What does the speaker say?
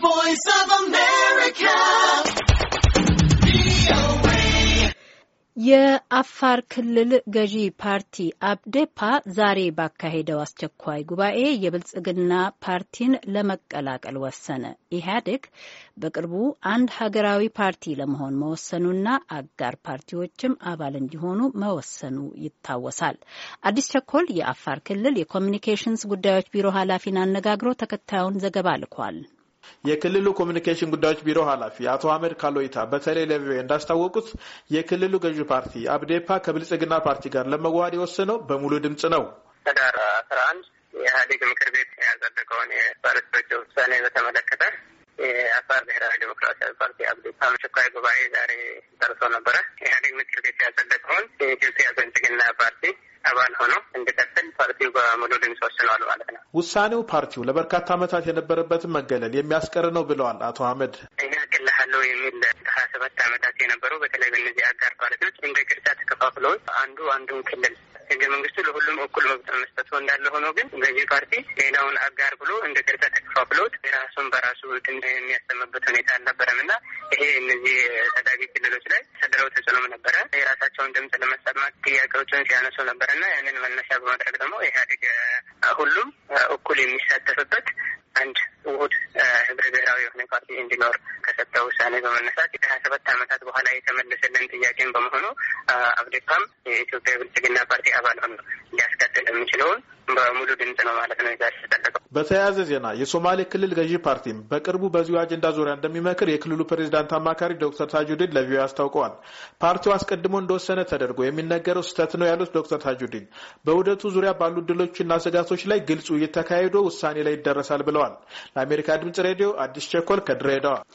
Voice of America. የአፋር ክልል ገዢ ፓርቲ አብዴፓ ዛሬ ባካሄደው አስቸኳይ ጉባኤ የብልጽግና ፓርቲን ለመቀላቀል ወሰነ። ኢህአዴግ በቅርቡ አንድ ሀገራዊ ፓርቲ ለመሆን መወሰኑና አጋር ፓርቲዎችም አባል እንዲሆኑ መወሰኑ ይታወሳል። አዲስ ቸኮል የአፋር ክልል የኮሚኒኬሽንስ ጉዳዮች ቢሮ ኃላፊን አነጋግሮ ተከታዩን ዘገባ ልኳል። የክልሉ ኮሚኒኬሽን ጉዳዮች ቢሮ ኃላፊ አቶ አህመድ ካሎይታ በተለይ ለቪኦኤ እንዳስታወቁት የክልሉ ገዢ ፓርቲ አብዴፓ ከብልጽግና ፓርቲ ጋር ለመዋሃድ የወሰነው በሙሉ ድምፅ ነው። ህዳር አስራ አንድ የኢህአዴግ ምክር ቤት ያጸደቀውን የፓርቲዎች ውሳኔ በተመለከተ የአፋር ብሔራዊ ዴሞክራሲያዊ ፓርቲ አብዴፓ አስቸኳይ ጉባኤ ዛሬ ጠርቶ ነበረ። ኢህአዴግ ምክር ቤት ያጸደቀውን የኢትዮጵያ ብልጽግና ፓርቲ አባል ሆኖ እንድቀጥል ፓርቲው በሙሉ ድምጽ ወስነዋል ማለት ነው። ውሳኔው ፓርቲው ለበርካታ ዓመታት የነበረበትን መገለል የሚያስቀር ነው ብለዋል አቶ አህመድ። እኛ እገልሃለሁ የሚል ሀያ ሰባት ዓመታት የነበረው በተለይ በእነዚህ አጋር ፓርቲዎች እንደ ግርጫ ተከፋፍለው አንዱ አንዱን ክልል ህገ መንግስቱ ለሁሉም እኩል መብት መስጠቱ እንዳለ ሆኖ ግን ገዢ ፓርቲ ሌላውን አጋር ብሎ እንደ ቅርጸ ተከፋፍሎት የራሱን በራሱ ድምፅ የሚያሰምበት ሁኔታ አልነበረም እና ይሄ እነዚህ ታዳጊ ክልሎች ላይ ሰድረው ተጽዕኖም ነበረ። የራሳቸውን ድምፅ ለማሰማት ጥያቄዎችን ሲያነሱ ነበረ እና ያንን መነሻ በማድረግ ደግሞ ኢህአዴግ ሁሉም እኩል የሚሳተፍበት አንድ ውሁድ ፍትሐዊ የሆነ ፓርቲ እንዲኖር ከሰጠው ውሳኔ በመነሳት ከሀያ ሰባት ዓመታት በኋላ የተመለሰልን ጥያቄን በመሆኑ አብዴፓም የኢትዮጵያ ብልጽግና ፓርቲ አባል ሆኖ ሊያስቀጥል የሚችለውን በሙሉ ድምጽ ነው ማለት ነው ይዛ ያስጠለቀው። በተያያዘ ዜና የሶማሌ ክልል ገዢ ፓርቲም በቅርቡ በዚሁ አጀንዳ ዙሪያ እንደሚመክር የክልሉ ፕሬዚዳንት አማካሪ ዶክተር ታጁዲን ለቪዮ አስታውቀዋል። ፓርቲው አስቀድሞ እንደወሰነ ተደርጎ የሚነገረው ስህተት ነው ያሉት ዶክተር ታጁዲን በውህደቱ ዙሪያ ባሉ ድሎችና ስጋቶች ላይ ግልጽ ውይይት ተካሂዶ ውሳኔ ላይ ይደረሳል ብለዋል። ለአሜሪካ ድምጽ ሬዲዮ አዲስ አዲስ ቸኮል ከድሬዳዋ